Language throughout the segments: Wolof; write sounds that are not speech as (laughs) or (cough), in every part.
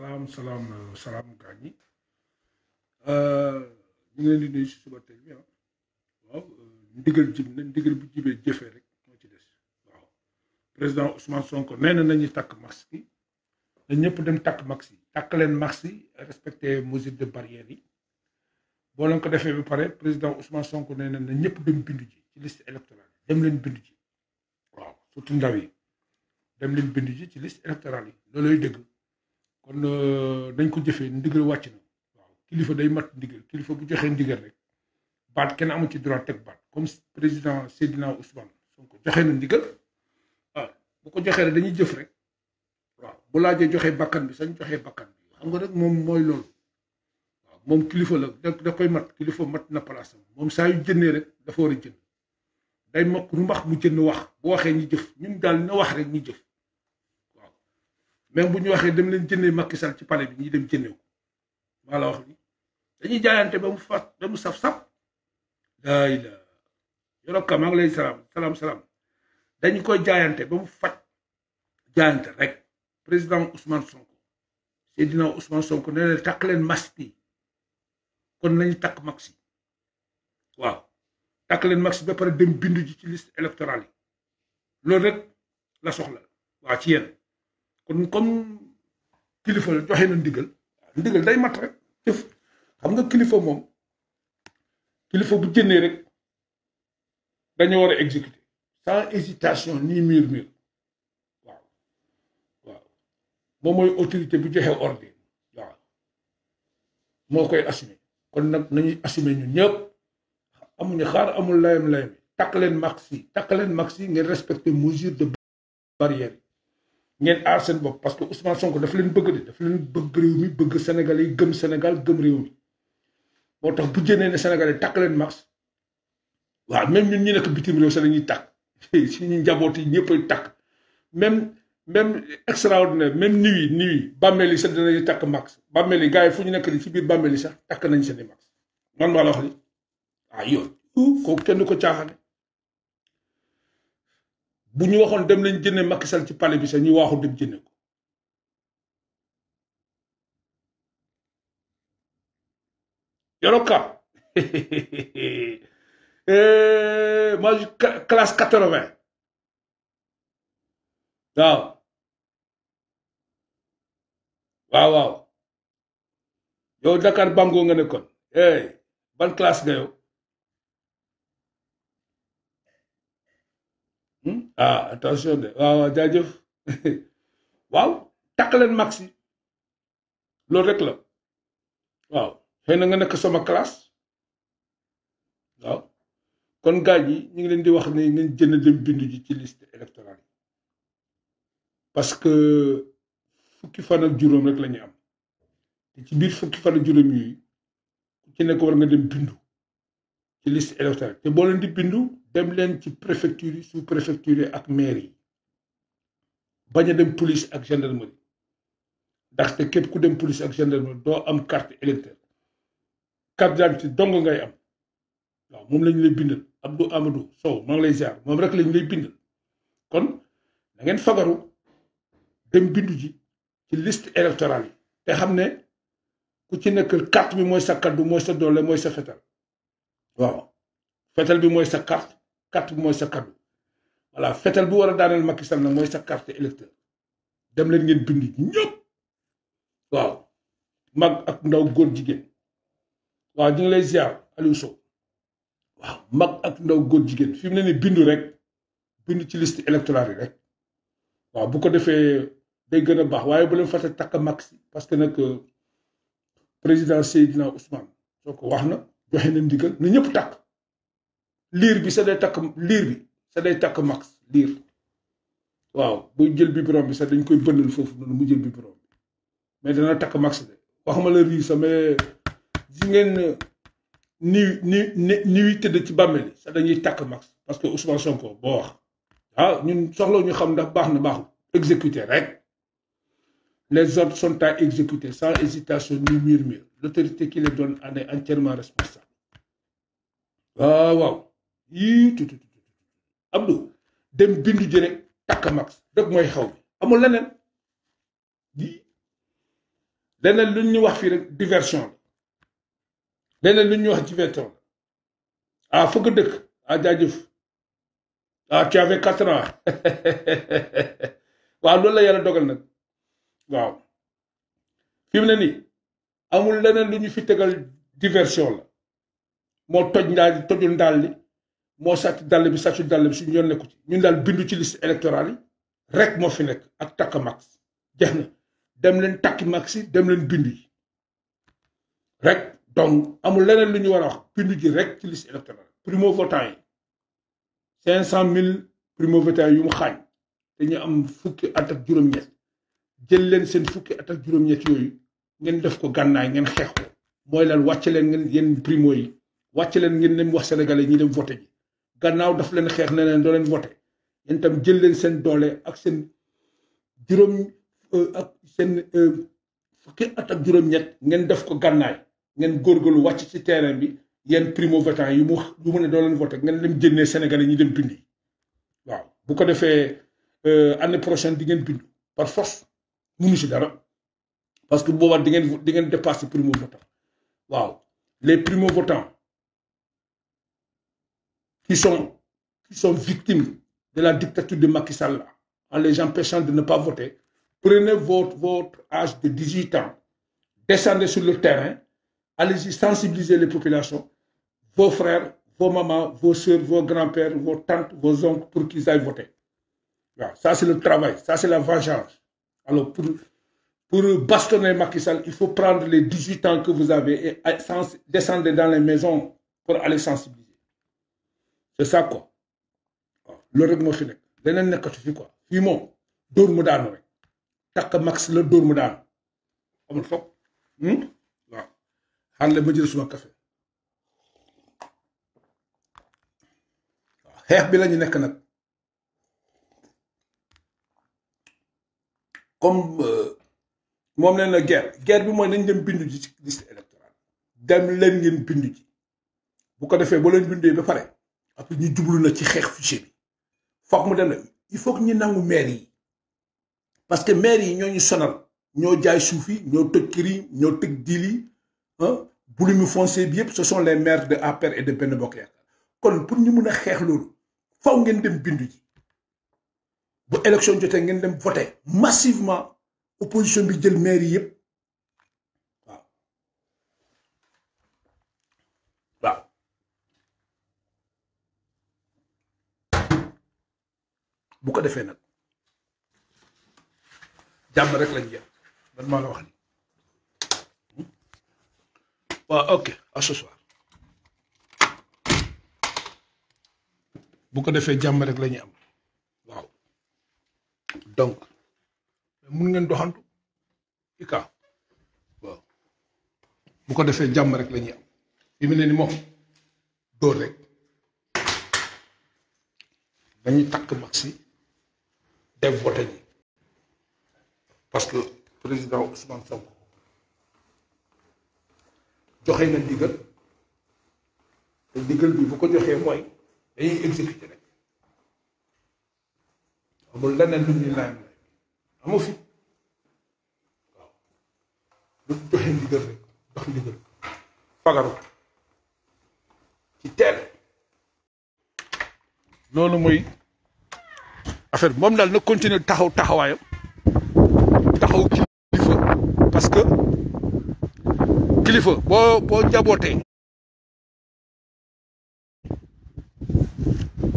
Salam salam eh, salam gani euh ñu ngi leen di nuyu si suba tey bi ah waaw eh, ndigal jib na ndigal bu jibee jëfé rek mo ci dess waaw président Ousmane Sonko néna nañu tak masque dañ ñëpp dem tak masque Tak leen masque respecter respecté mesure de barrière yi bo leen ko défé ba paré président Ousmane Sonko néna na ñëpp dem bindu ji ci liste électorale dem leen bindu ji waaw surtout ndaw yi dem leen bindu ji ci liste électorale yi lolay kon euh, dañ ko jëfee ndigal wàcc na waaw kilifa day mat ndigal kilifa bu joxee ndigal rek baat kenn amu ci droit teg baat comme président Seydina Ousmane Sonko joxe na ndigal waaw bu ko joxee rek dañuy jëf rek waaw bu laajee joxe bakkan bi sañ joxe bakkan bi xam nga rek moom mooy loolu waaw moom kilifa la da koy mat kilifa mat na palaasam moom saa yu jëndee rek dafa war a jënd day mokk lu mbax mu jënd wax bu waxee ñu jëf ñun daal na wax rek ñu jëf. même bu ñu waxee dem leen jëndee Macky Sall ci palais bi ñuy dem jëndee ko maa la wax ni dañuy jaayante ba mu fat ba mu saf-saf laa ila yorobka maa ngi lay salaam salaam salaam dañu koy jaayante ba mu fat jaayante rek président usman Sonko Seydina Ousmane Sonko nee na takk leen masque bi kon nañu takk masque waaw takk leen masque ba pare dem bindu ji ci list électorale yi loolu rek la soxla waa ci yéen comme kilifa joxe na ndigal ndigal day mat rek jëf xam nga kilifa moom kilifa bu jënnee rek dañoo war a exécuter sans hésitation ni murmure waaw moom mooy autorité bu joxe ordre waaw moo koy assumer kon nag nañuy assumer ñu ñëpp amuñu xaar amul layam layam takk leen max yi takk leen max yi ngeen respecter mesure de barrière ngeen aar seen bopp parce que Ousmane Sonko daf leen bëgg de daf leen bëgg réew mi bëgg Sénégal yi gëm Sénégal gëm réew mi moo tax bu jënee ne Sénégal yi tàkk leen max waaw même ñun ñi nekk bitim réew sax dañuy tàkk suñu (laughs) njaboot yi ñëpp ay même même extraordinaire même nuit nuit niw yi bàmmeel yi sax dinañu tàkk max bàmmeel yi gars yi fu ñu nekk ni ci biir bàmmeel yi sax tàkk nañ seen i max man maa la wax ni ah yow kooku kenn ko caaxaane buñu waxon dem lañu jëne Macky Sall ci palais bi sax ñu waxu dem jëne ko Yoroka (laughs) eh, ma classe 80 daw waaw waaw yow Dakar Bango nga ne kon hey eh, ban classe nga yow ah attention de waaw waaw jaajëf (laughs) waaw takk leen max yi loolu rek la waaw xëy na nga nekk sama classe waaw kon gaaj yi ñu ngi leen di wax ne ngeen jënd dem bind ji ci liste électorale parce que fukki fan ak juróom rek la ñu am te ci biir fukki fan ak juróom yooyu ku ci nekk war nga dem bindu ci liste électorale te boo leen di bindu. dem len ci préfecture sous préfecture ak mairie baña dem police ak gendarmerie ndaxte képp ku dem police ak gendarmerie do am carte électeur carte d'identité dong ngay am waaw mom lañ lay bindal Abdou Amadou saw ma ngi lay ziar mom rek lañ lay bindal kon da ngeen fagaru dem bindu ji ci liste électorale yi te xam ku ci nekk carte bi mooy sa kaddu mooy sa doole mooy sa fetal waaw fetal bi mooy sa carte carte mooy sa kaddu voilà fetal bu war a daaneel Macky na mooy sa carte électeur dem leen ngeen bind ñëpp waaw mag ak ndaw góor jigéen waaw ñu ngi lay ziar Aliou Sow waaw mag ak ndaw góor jigéen fi mu ne nii bindu rek bindu ci list électorale yi rek waaw bu ko defee day gën a baax waaye bu leen fàtte takk si parce que nag euh, président Seydina Ousmane soo ko wax na joxe na ndigal na ñëpp takk. liir bi sa day takk liir bi sa day takk max liir waaw buy jël bi biberon bi sax dañ koy bënnal foofu noonu mu jël biberon bi mais dana takk max de waxuma la riir sax mais si ngeen ni ni ni ni tëdd ci bàmmeel yi sax dañuy takk max parce que soo Sonko boo wax waaw ah, ñun soxla ñu xam ndax baax na baaxul exécuter rek les ordres sont à exécuter sans hésitation ni murmure l'autorité qui les donne en est entièrement responsable ah, waaw yii tuuti tuuti Abdou dem bindu ji rek takk max rek mooy xaw bi amul leneen di leneen lu ñu wax fii rek diversion la leneen lu ñu wax diversion la ah fëgg dëkk ah jaajëf ah tu avais quatre ans (laughs) waaw loolu la yàlla dogal nag waaw fi mu ne nii amul leneen lu ñu fi tegal diversion la moo toj ndaal tojul ndaal li moo sàcc dàll bi sàccu dàll bi suñu yoon nekku ci ñun daal bindu ci liste électorale yi rek moo fi nekk ak takk max jeex na dem leen takki max yi dem leen bindu yi rek donc amul leneen lu ñu war a wax bindu ji rek ci liste électorale primo votant yi cinq cent mille primo votant yu mu xaañ dañu am fukki at ak juróom-ñett jël leen seen fukki at ak juróom-ñett yooyu ngeen def ko gànnaay ngeen xeex ko mooy lan wàcce leen ngeen yéen primo yi wàcce leen ngeen dem wax sénégalais ñi dem voté ji gannaaw daf leen xeex ne leen doo leen wote yen tam jël leen seen doole ak seen juróom euh, ak seen euh, fukki at ak juróom-ñett ngeen def ko gannaay ngeen góorgóorlu wàcc ci terrain bi yen primo votant yu mu yu mu ne doo leen wote ngeen dem génnee Sénégalais ñi dem bind waaw bu ko defee euh, année prochaine di ngeen bind par force munu si dara parce que boobaa di ngeen di ngeen dépassé primo votant waaw les primo votants qui sont, qui sont victimes de la dictature de Macky Sall en les empêchant de ne pas voter, prenez votre, votre âge de 18 ans, descendez sur le terrain, allez-y sensibiliser les populations, vos frères, vos mamans, vos soeurs, vos grands-pères, vos tantes, vos oncles, pour qu'ils aillent voter. ça, c'est le travail, ça, c'est la vengeance. Alors, pour, pour bastonner Macky Sall, il faut prendre les 18 ans que vous avez et descendre dans les maisons pour aller sensibiliser. c'est ça waaw loolu rek moo fi nekk leneen nekkatu fi quoi fii moom dóor mu daanu rek takk max la dóor mu daanu amul foog hmm? waaw la ma jël suma café waaw xeex bi la ñu nekk nag comme euh, moom nee na guerre bi mooy nañ dem bindu ji ci liste électorale dem leen ngeen bindu ji bu ko defee boo leen bindee ba pare. après ñu jublu na ci xeex fichier bi foog mu dem na il faut que ñu nangu maire yi parce que maire yi ñoo ñu sonal ñoo jaay soufi ñoo tëj kër yi ñoo tëj diil yi ah, mu foncier bi yëpp ce sont les maires de APR et de Benno Bokk kon pour ñu mëna xex xeex loolu faw ngeen dem bindu ji bu élection jotté ngeen dem voter massivement opposition bi jël maire yi yëpp. bu ko defee nag jàmm rek lañu jeex man maa la wax ni waaw ok à ce soir bu ko defee jàmm rek lañu am waaw donc mun ngeen doxantu ika waaw bu ko defee jàmm rek lañu am fi mu ne ni moom rek dañuy takk max dem voté parce que président Ousmane Sonko joxe na ndigal te ndigal bi bu ko joxee mooy dañuy exécuté rek amul leneen lu ñuy laajam amu fi waaw lu joxe rek jox ndigal fagaru ci teel loolu mooy. affaire moom daal na continuer taxaw taxawaayam taxaw kilifa parce que kilifa boo boo njabootee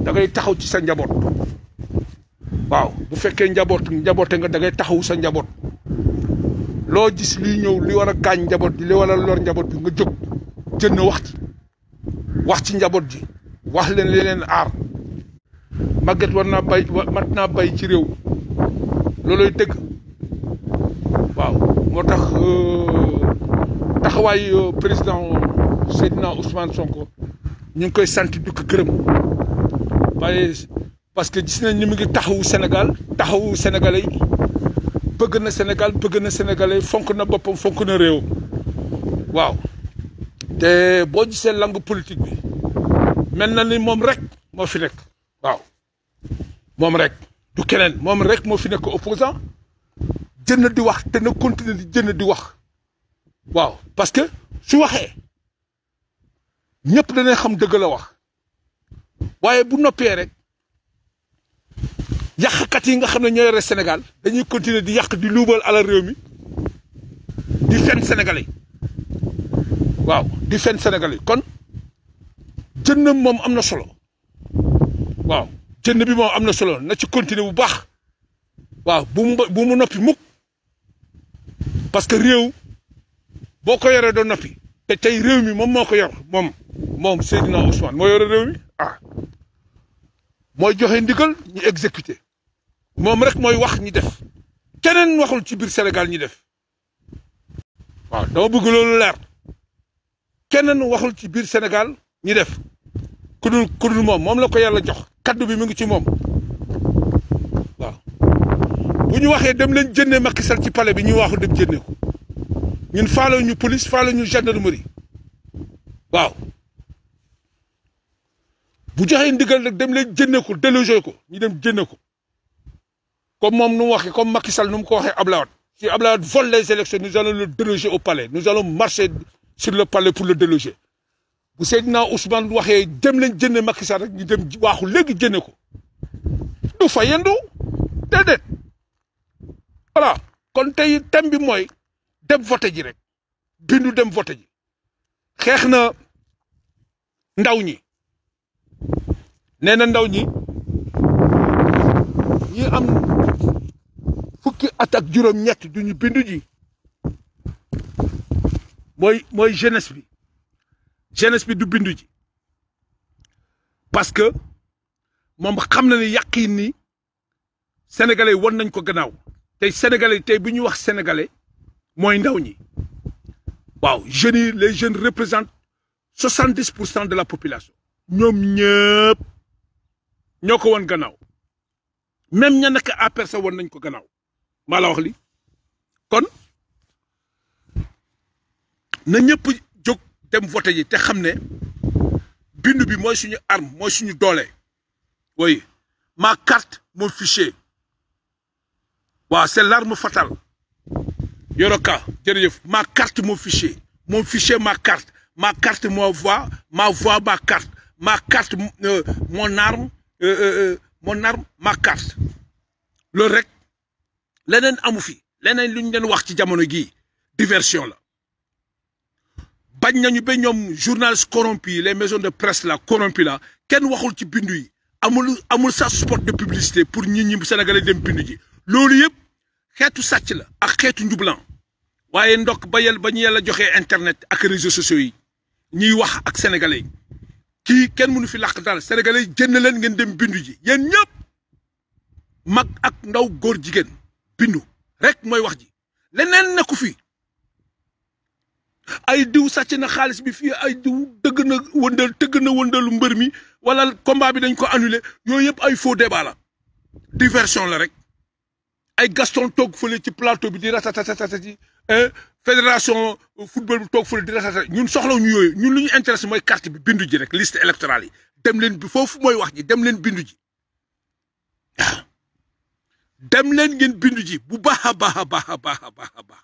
dangay taxaw ci sa njaboot waaw bu fekkee njaboot njaboote nga dangay ngay taxaw sa njaboot loo gis liy ñëw li war a gaañ njaboot bi li war a lor njaboot bi nga jóg jën wax ci wax ci njaboot ji wax leen li leen aar màgget war naa bay mat naa bay ci réew looloy dëgg waaw moo tax euh, taxawaay euh, président Seydina Ousmane Sonko ñu ngi koy sant di ko parce que gis nañ ni mu ngi taxawu Sénégal taxawu sénégalais yi na Sénégal bëgg na sénégalais fonk na boppam fonk na réew waaw te boo gisee langue politique bi mel na ni moom rek moo fi nekk waaw moom rek du keneen moom rek moo fi nekk opposant jënd di wax te na continuer di jënd di wax waaw parce que su waxee ñëpp danañ xam dëgg la wax waaye bu noppee rek yàqkat yi nga xam ne ñoo yore Sénégal dañuy continuer di yàq di luubal alal réew mi di fen Sénégalais waaw di fen Sénégalais kon jënd moom am na solo waaw. jënd bi moom am na solo na ci continuer bu baax waaw bu mu bu mu noppi mukk parce que réew boo ko yoree doo noppi te tey réew mi moom moo ko yor moom moom Seydina Ousmane moo yore réew mi ah mooy joxe ndigal ñu exécuter moom rek mooy wax ñi def keneen waxul ci biir Sénégal ñi def waaw dama bëgg loolu leer keneen waxul ci biir Sénégal ñi def ku dul ku dul moom moom la ko yàlla jox. kaddu bi mu ngi ci mom waaw bu ñu waxee dem lañu jëndee Macky Sall ci palais bi ñu waxu dem jëndee ko ñun faalo ñu police faalo ñu gendarmerie waaw bu joxee ndigal nag dem lañu jëndee ko déloger ko ñu dem jëndee ko comme mom nu waxé comme Macky Sall nu ko waxé Ablaye si Ablaye vole les élections nous allons le déloger au palais nous allons marcher sur le palais pour le déloger bu Seydina Ousmane waxee dem leen jënne Macky Sall rek ñu dem waaxu léegi jënne ko du fa yendu déedéet voilà kon tey thème bi mooy dem voté ji rek bindu dem voté ji xeex na ndaw ñi nee na ndaw ñi ñi am fukki at ak juróom ñett duñu bindu ji mooy mooy jeunesse bi jeunesse bi du bindu ji parce que mom xam na ne yàqin ni sénégalais won nañ ko gannaaw tey sénégalais tey biñu wax sénégalais moy ndaw ñi waaw jeunes les jeunes représentent 70% de la population. ñom ñëpp ñoko won gannaaw même ña nekk APR sax won nañ ko gannaaw mala wax li kon na ñëpp dem voté yi té xamné bindu bi moy suñu arme moy suñu dolé oui ma carte mon fichier wa c'est l'arme fatale Yoroka derrière ma carte mon fichier mon fichier ma carte ma carte mon voix ma voix ma carte ma carte euh, mon arme euh, euh, mon arme ma carte Le rec. lenen amu fi lenen luñu ñu wax ci jamono diversion là bañ nañu ba ñoom corrompus les maisons de presse la corrompus la kenn waxul ci bindu yi amul amul sax support de publicité pour ñi ñi sénégalais dem bindu ji loolu yëpp xeetu sàcc la ak xeetu njublan Waye ndok bayel yel ba ñu internet ak réseaux sociaux yi Ñi wax ak sénégalais Ki kenn mënu fi laq dal sénégalais jënd leen ngeen dem bindu ji yéen ñëpp mag ak ndaw góor jigen bindu rek moy wax ji leneen nekku fi ay diw sàcc na xaalis bi fii ay diw dëgg na wëndal tëgg na wëndalu mbër mi wala combat bi dañ ko annulé yooyu yëpp ay faux débat la diversion la rek ay Gaston toog fële ci plateau bi di ratatatata ci fédération football bi toog fële di ratata ñun soxlaw ñu yooyu ñun lu ñu intéressé mooy carte bi bindu ji rek liste électorale yi dem leen bi foofu mooy wax ji dem leen bindu ji waaw dem leen ngeen bindu ji bu baax a baax a baax a baax a baax a baax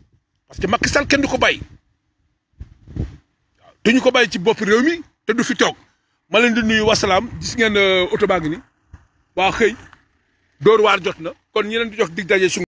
parce que Macky Sall kenn du ko bàyyi waaw duñu ko bàyyi ci bopp réew mi te du fi toog ma leen di nuyu wasalaam gis ngeen euh, oto baa ngi ni waa xëy dóor waar jot na kon ñeneen di jox dig daje su